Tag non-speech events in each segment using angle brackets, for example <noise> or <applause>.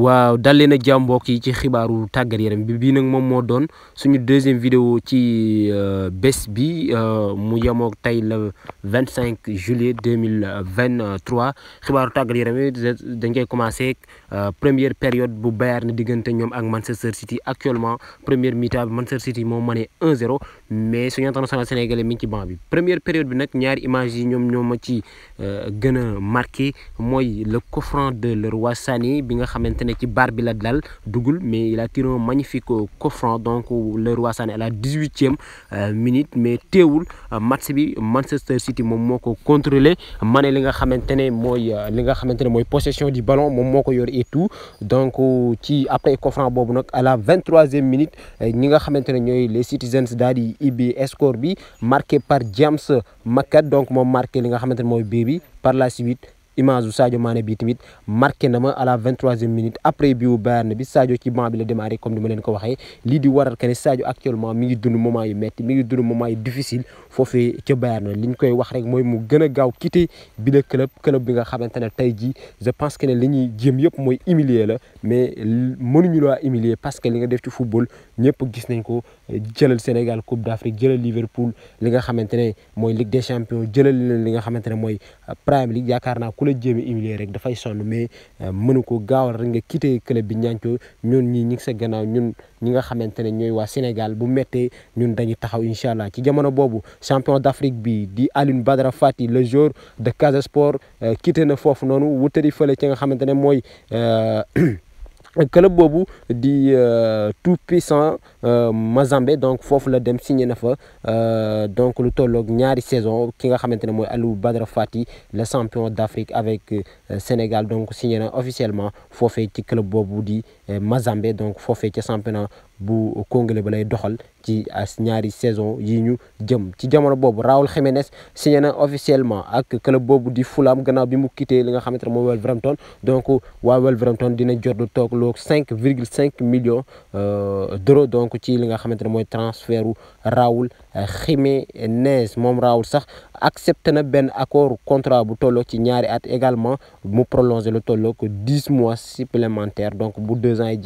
waaw dal leen ak jàmm mbokk yi ci xibaaru tàggat yaram bi bii nag moom moo doon suñu deuxième vidéo ci euh, bés bi euh, mu yemoog tey le 25 juillet 2023 xibaaru tàggat yaram dañ koy commencé euh, première période bu Bayern na diggante ñoom ak Manchester City actuellement première mi-temps Manchester City moo monnaie 1 0 mais suñu international sénégalais mi ngi ci banc bi première période bi nag ñaari image yi ñoom ñoo ci gën a marqué mooy le coffrant de de roi Sané bi nga xamante qui barbe la dal Dougoul mais il a tiré un magnifique euh, coffre donc le roi est à la 18e euh, minute mais a euh, match bi Manchester City mon mot contrôlé Mané li nga xamantene moy li nga possession du ballon mon moko et tout donc ci après coffre à la 23e minute ñi nga xamantene les Citizens dadi ibi marqué par James Makat donc mon marque li nga xamantene moy par la suite image bu Sadio Mané bi tamit marqué na ma à la 23e minute après bii Bayern bi Sadio ci banc bi la démarré comme dima len ko waxé li di waral que Sadio actuellement mi ngi dund moment yu metti mi ngi dund moment yu difficile fofé ci Bayern li ñu koy wax rek moy mu gëna a gaaw quitter bi le club club bi nga xamantene tay ji je pense que ne li ñuy jéem yëpp mooy humilier la mais mënuñu lo humilier parce que li nga def ci football ñëpp gis nañ ko le Sénégal Coupe d'Afrique jëlal Liverpool li nga xamantene moy Ligue des champions jëlal li nga euh, Premier League yakarna ku la de humilier rek mais euh, mënu ko rek nga club bi ñancho ñun ñi ñi sa ñun Sénégal bu metté ñun dañuy taxaw inshallah ci champion d'Afrique bi di Ligue Badra Fati le jour de Casa Sport euh, quitter na Ligue nonu Champions, ci nga <clears throat> Euh, club bobo di euh, tout puissant euh, mazambé donc il la dem signé na fa donc lu tolok ñaari saison ki nga xamantene moy maintenant Aliou Badra Fati le champion d'Afrique avec Sénégal donc signé officiellement fofé ci club bobu dit mazambé donc fofé le championnat bu Congolais balay doxal ci as ñaari saison yi ñu jëm ci jamono bobu Raúl Jiménez signé na officiellement ak club bobu di Fulham gannaaw bi mu quitté li nga xamantene ne Wolverhampton donc wa Wolverhampton dina jot lu toog loo 5 virgule millions euh, d'euros donc ci li nga xamantene moy mooy transfertu Raúl Jiménez mom Raúl sax accepté na benn accord contrat bu tolo ci ñaari at également mu prolonger le tolo 10 dix mois supplémentaires donc bu deux ans et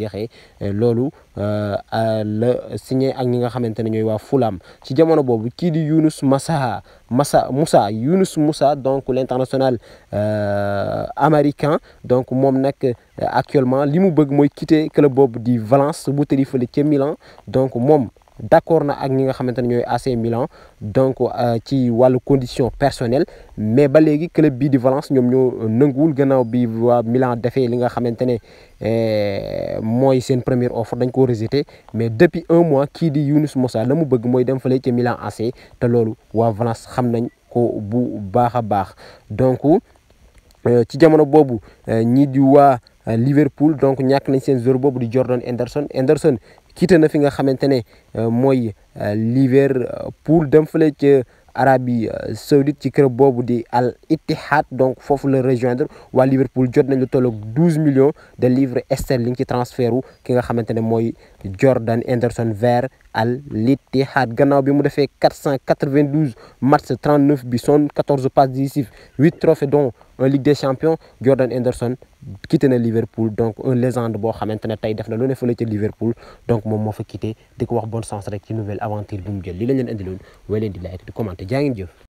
lolu euh le euh, signé ak ñi nga xamante ñoy wa waa Fulham ci jamono bobu ki di Younous Massa Massa Moussa Younous Moussa donc l'international euh, américain donc mom nak euh, actuellement li mu bëgg moy quitter club bobu di Valence bu tëri ci Milan donc mom d'accord na ak ñi nga xamante ne AC Milan donc euh, ci walu condition personnelle mais ba léegi club bi di Valence ñom ñoo neungul gënaaw bi wa Milan défé li nga xamantene euh moy seen première offre dañ ko rejeté mais depuis un mois ki di Younous Moussa lamu bëgg moy dem fële ci Milan AC té lolu wa Valence xam nañ ko bu baaxa baax donc euh, ci jamono bobu euh, ñi di wa Liverpool donc ñak nañ seen joueur bobu di Jordan Henderson Henderson quitté na fi nga xamantene ne euh, mooy euh, Liverpool dem fële ci Arabie euh, Saoudite ci club bobu di Al Ittihad donc fofu le rejoindre wa Liverpool jot nañu tolok 12 douze millions de livres sterling ci transfert ki nga xamantene ne Jordan Anderson, vers al à ghana bi mu fait 492 mars 39 bison 14 passes décisives 8 trophées dont un Ligue des Champions Jordan Henderson quitté Liverpool donc un légende de xamante ne def na ne Liverpool donc mon fait quitter quitté des bon wax bonne chance rek nouvelle aventure bi mu jël li la leen indiloon way leen di commenter